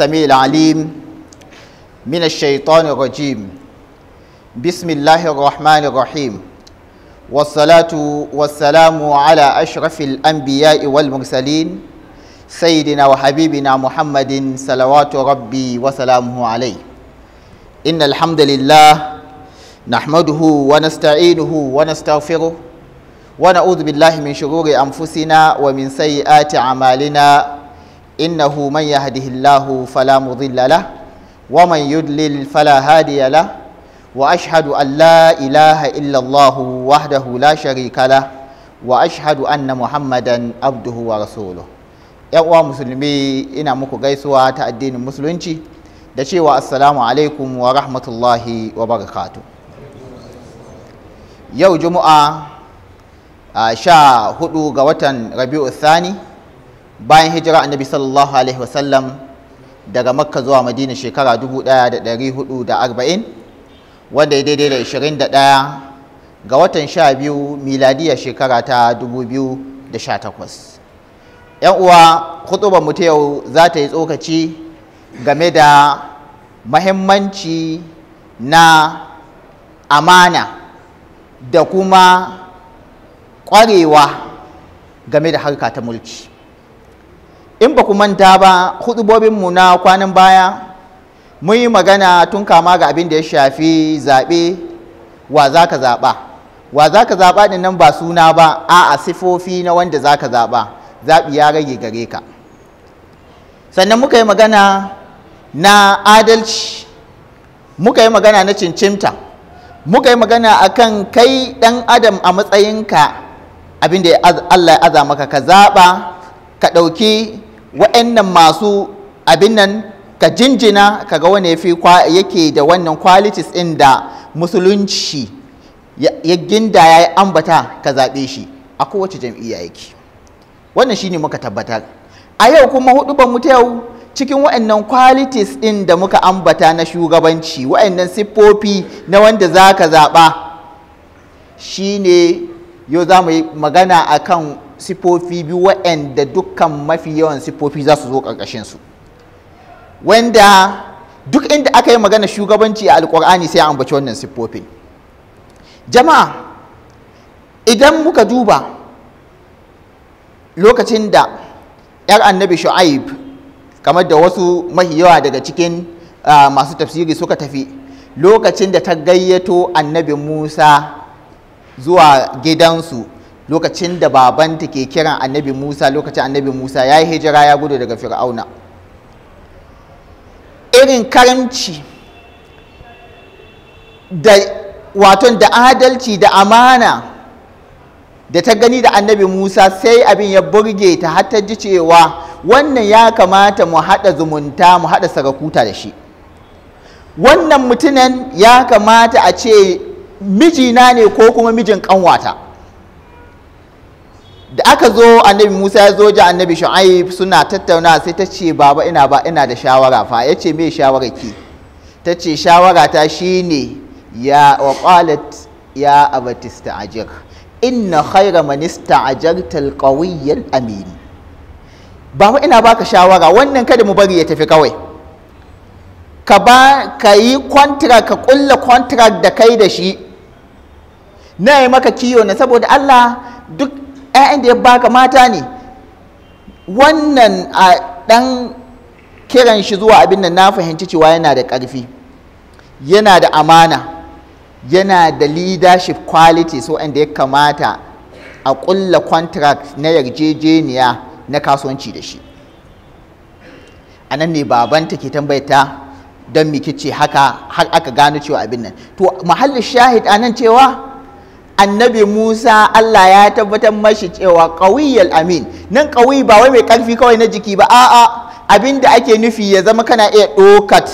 السميع العليم من الشيطان الرجيم بسم الله الرحمن الرحيم والصلاة والسلام على أشرف الأنبياء والمرسلين سيدنا وحبيبنا محمد صلوات ربي وسلامه عليه إن الحمد لله نحمده ونستعينه ونستغفره ونعوذ بالله من شرور أنفسنا ومن سيئات أعمالنا إنه من يهده الله فلا مضل له ومن يدلل فلا هادي له وأشهد أن لا إله إلا الله وحده لا شريك له وأشهد أن محمدا عبده ورسوله uwa musulmi ina muku gaisuwa ta addinin musulunci da cewa assalamu alaikum wa rahmatullahi wa barakatu yau juma'a sha hudu ga watan rabi'u sani. bayan hijira annabi sallallahu alaihi wasallam daga makka zuwa madina shekara 1440 wanda ya daidai da 21 ga watan 12 miladiya shekara ta 2018 'yan uwa hutubar mu ta yau za ta yi tsokaci game da mahimmanci na amana da kuma ƙwarewa game da harka ta mulki in ba ku manta ba hudubobinmu na kwanan baya mun yi magana tun kama ga abin da ya shafi zaɓe wa za ka zaɓa wa za ka zaɓa ɗin nan ba suna ba a a sifofi na wanda za ka zaɓa zaɓi ya rage gare ka sannan muka yi magana na adalci muka yi magana na cincinta muka yi magana a kan kai ɗan adam a matsayinka abin da Allah ya aza maka ka zaɓa ka ɗauki wa'annan masu abin nan ka jinjina ka ga wani fi yake da wannan qualities ɗin da musulunci ya ginda ya yi ambata ka zaɓe shi a kowace jam'iyya yake wannan shi ne muka tabbatar a yau kuma hudu ban mu ta yau cikin wa'annan qualities ɗin da muka ambata na shugabanci wa'annan siffofi na wanda za ka zaɓa shi ne yau za mu yi magana a kan. sifofi biyu waanda dukkan mafi yawan sifofi za su zo ƙarƙashin su wanda duk inda aka yi magana shugabanci a alkur'ani sai an ambaci wannan siffofin jama'a idan muka duba lokacin da 'yar annabi shu'aib kamar da wasu mahi yawa daga cikin masu tafsiri suka tafi lokacin da ta gayyato annabi musa zuwa gidansu lokacin da babanta ke kiran annabi musa lokacin annabi musa ya yi hijira ya gudu daga fir'auna irin karamci da waton da adalci da amana da ta gani da annabi musa sai abin ya burge ta hatta ta ji cewa wannan ya kamata mu haɗa zumunta mu haɗa sarakuta da shi wannan mutunan ya kamata a ce mijina ne ko kuma mijin ƙanwata. da aka zo annabi musa ya zo ji annabi shu'aib suna tattauna sai ta ce baba ina ba ina da shawara fa ya ce me shawara ki ta ce shawara ta shine ya wa qalat ya abatista ajir inna khaira man ista'ajarta alqawiyyan amin baba ina baka shawara wannan kada mu bari ya tafi kawai ka ba ka yi contract ka kulla contract da kai da shi na yi maka kiyo na saboda Allah duk 'ya'yan da ya baka mata ne wannan a ɗan kiran shi zuwa abin da na fahimci cewa yana da ƙarfi yana da amana yana da leadership quality so da ya kamata a ƙulla contract na yarjejeniya na kasuwanci da shi a nan ne babanta ke tambayata don mikice ce haka har aka gano cewa abin nan to mahallin shahid a nan cewa annabi Musa Allah ya tabbatar mashi cewa ƙawiyyal amin nan ƙawi ba wai mai ƙarfi kawai na jiki ba a'a abin da ake nufi ya zama kana iya ɗokat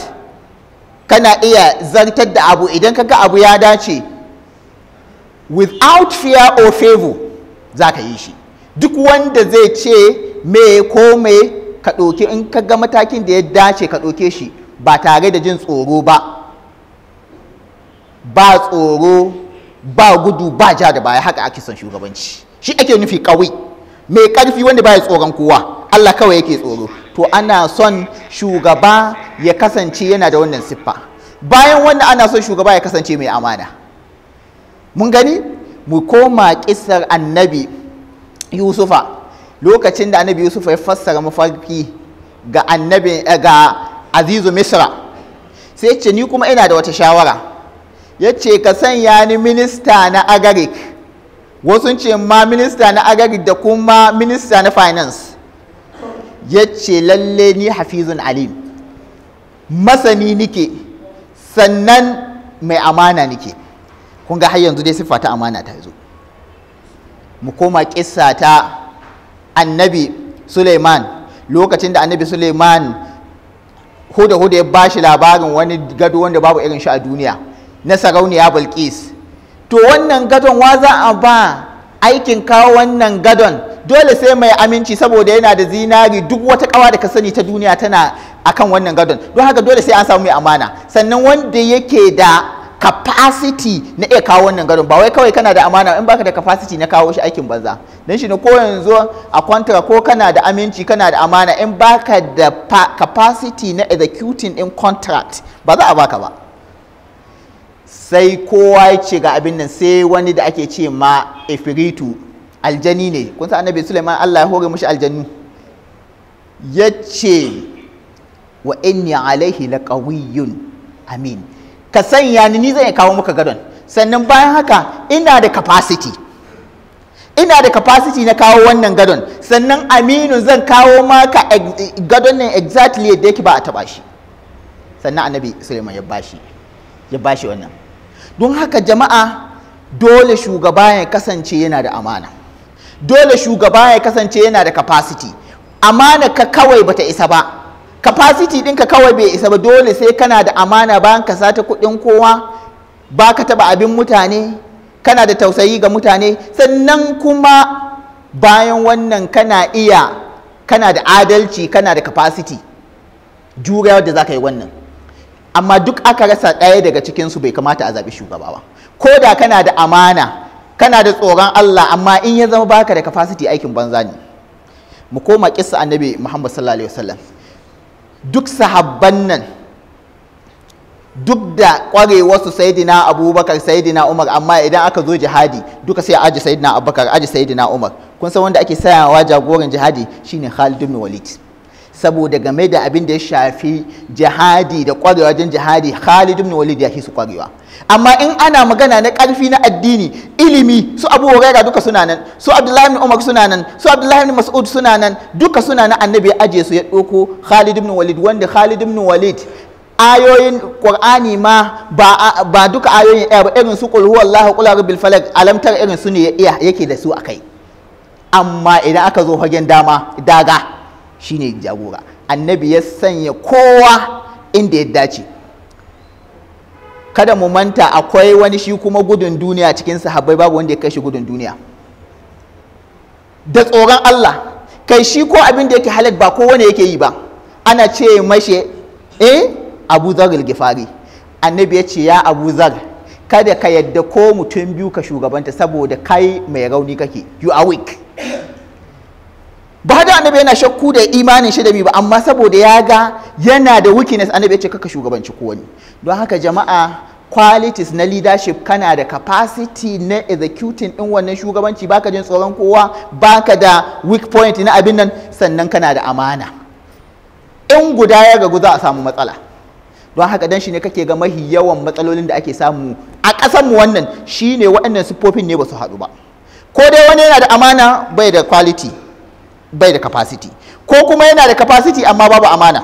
kana iya zartar da abu idan ka ga abu ya dace without fear or favor za ka yi shi duk wanda zai ce me ko me ka in ka ga matakin da ya dace ka ɗauke shi ba tare da jin tsoro ba ba tsoro ba gudu ba ja da baya haka ake son shugabanci shi ake nufi kawai mai karfi wanda baya tsoron kowa Allah kawai yake tsoro to ana son shugaba ya kasance yana da wannan siffa bayan wanda ana son shugaba ya kasance mai amana mun gani mu koma kisar annabi yusufa lokacin da annabi yusufa ya fassara mafarki ga annabi eh, ga azizu misra sai ce ni kuma ina da wata shawara ya ce ka sanya ni minista na agarik wasu ce ma minista na agarik da kuma minista na finance ya ce lalle ni hafizun alim masani nike sannan mai amana nike kun har yanzu dai siffa ta amana ta zo mu koma kissa ta annabi suleiman lokacin da annabi suleiman huda huda ya bashi labarin wani gado wanda babu irin shi a duniya na sarauniya bilkis to wannan gadon wa za a ba aikin kawo wannan gadon dole sai mai aminci saboda yana da zinari duk wata kawa da ka sani ta duniya tana akan wannan gadon don haka dole sai an samu mai amana sannan wanda yake da capacity na iya kawo wannan gadon ba wai kawai kana da amana in baka da capacity na kawo shi aikin banza don shi ne ko yanzu a kwantara ko kana da aminci kana da amana in baka da capacity na executing in contract ba za a baka ba sai kowa ya ce ga abin nan sai wani da ake ce ma ifiritu aljani ne kun san annabi Sulaiman Allah ya hore mushi aljannu ya ce wa inni alaihi laqawiyyun amin ka sanya ni ni zan kawo maka gadon sannan bayan haka ina da capacity ina da capacity na kawo wannan gadon sannan aminu zan kawo maka gadon nan exactly yadda yake ba a taba shi sannan annabi Sulaiman ya bashi ya bashi wannan don haka jama'a dole shugaba ya kasance yana da amana dole shugaba ya kasance yana da capacity amana ka kawai bata isa ba capacity ɗinka kawai bai isa ba dole sai kana da amana bayan ka sata kuɗin kowa ba ka taɓa abin mutane kana da tausayi ga mutane sannan kuma bayan wannan kana iya kana da adalci kana da capacity juriyar da za ka yi wannan amma duk aka rasa ɗaya daga cikinsu bai kamata a zaɓi shugaba ba ko da kana da amana kana da tsoron Allah amma in ya zama baka da capacity aikin banza ne mu koma kissa annabi Muhammad sallallahu alaihi wasallam duk sahabban nan duk da ƙwarewarsu sayidina abubakar sayidina umar amma idan aka zo jihadi duka sai aji sayidina abubakar aji sayidina umar kun san wanda ake sayawa jagoran jihadi shine khalid bin walid saboda game da abin da ya shafi jihadi da kwarewa wajen jihadi Khalid ibn Walid ya su kwarewa amma in ana magana na karfi na addini ilimi su Abu Huraira duka suna nan su Abdullahi ibn Umar suna nan su Abdullahi ibn Mas'ud suna nan duka suna nan annabi ya aje su ya doko Khalid ibn Walid wanda Khalid ibn Walid ayoyin qur'ani ma ba, ba duka ayoyin ba irin su qul huwallahu qul rabbil falaq alamtar irin su ne yake da su akai amma idan aka zo hagen dama daga shine jagora annabi ya sanya kowa inda ya dace kada mu manta akwai wani shi kuma gudun duniya cikin sahabbai babu wanda ya kai shi gudun duniya da tsoron Allah kai shi ko abin da yake halak ba kowane yake yi ba ana ce mashe eh Abu Zarul Gifari annabi ya ce ya Abu Zar kada ka yadda ko mutum biyu ka shugabanta saboda kai mai rauni kake you are weak ba da annabi yana shakku da imanin shi da bi ba amma saboda ya ga yana da wikines annabi ya ce kaka shugabanci ko wani don haka jama'a qualities na leadership kana da capacity na executing din wannan shugabanci baka jin tsoron kowa baka da weak point na abin nan sannan kana da amana in guda ya gagu za a samu matsala don haka dan shi ne kake ga mahi yawan matsalolin da ake samu a kasan mu wannan shine waɗannan siffofin ne ba su haɗu ba ko dai wani yana da amana bai da quality bai da capacity ko kuma yana da capacity amma babu amana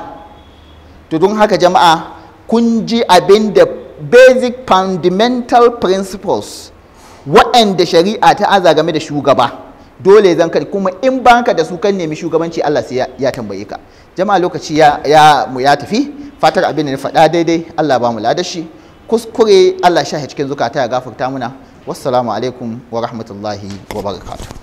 to don haka jama'a kun ji abin da basic fundamental principles waɗanda shari'a ta aza game da shugaba dole zan kai kuma in banka da su kan nemi shugabanci Allah sai ya tambaye ka jama'a lokaci ya ya mu ya tafi fatar abin da na faɗa daidai Allah ba mu shi kuskure Allah sha cikin zukata ya gafarta muna wassalamu alaikum wa rahmatullahi wa barakatuh